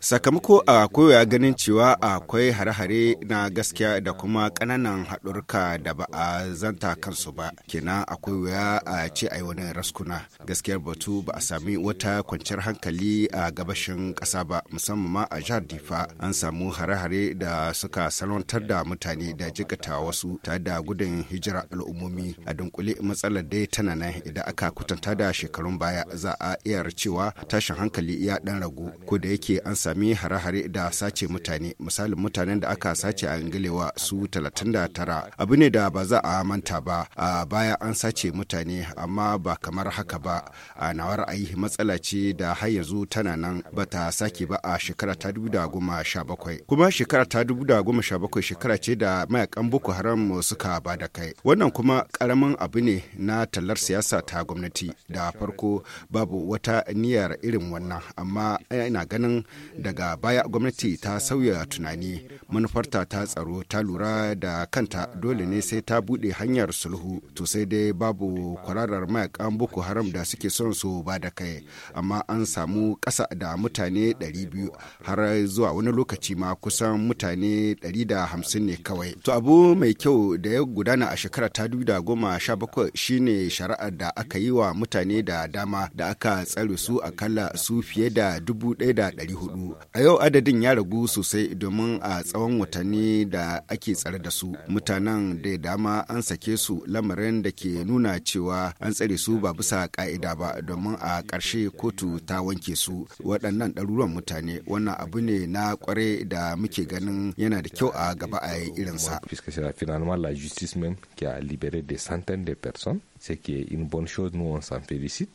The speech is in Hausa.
Sakamako a koya ganin cewa akwai hare-hare na gaskiya da kuma kananan haɗurka da ba a zanta kansu ba. Kenan akwai wuya a ce a wani raskuna. Gaskiyar batu ba a sami wata kwanciyar hankali a gabashin ƙasa ba musamman ma a jihar Difa an samu hare-hare da suka salwantar da mutane da jikata wasu tare da gudun hijira al'ummomi a dunkule matsalar dai tana nan idan aka kwatanta da shekarun baya za a iya cewa ta tashin hankali ya dan ragu ko da yake an sami hare-hare da sace mutane misalin mutanen da aka sace a ingilewa su 39 abu ne da ba za a manta ba a baya an sace mutane amma ba kamar haka ba a nawar ayi matsala ce da har yanzu tana nan ba ta sake ba a shekara ta 2017 kuma shekara ta 2017 shekara ce da mayakan boko haram suka ba da kai wannan kuma karamin abu ne na tallar siyasa ta gwamnati da farko babu wata niyyar irin wannan amma eh, ina ganin daga baya gwamnati ta sauya tunani manufarta ta tsaro ta lura da kanta dole ne sai ta bude hanyar sulhu to sai dai babu kwararar mayakan boko haram da suke son su ba da kai amma an samu ƙasa da mutane 200 har zuwa wani lokaci ma kusan mutane 150 ne kawai to abu mai kyau da ya gudana a shekara ta 2017 shine shari'ar da aka yi wa mutane da dama da aka tsare su a akalla su fiye da 1,400. A yau adadin ya ragu sosai domin a tsawon watanni da ake tsare da su. Mutanen da dama an sake su lamarin da ke nuna cewa an tsare su ba bisa ka'ida ba domin a ƙarshe kotu ta wanke su. Waɗannan ɗaruruwan mutane wannan abu ne na ƙware da muke ganin yana da kyau a gaba a irinsa. irin sa. ce qui est une bonne chose, nous on s'en félicite.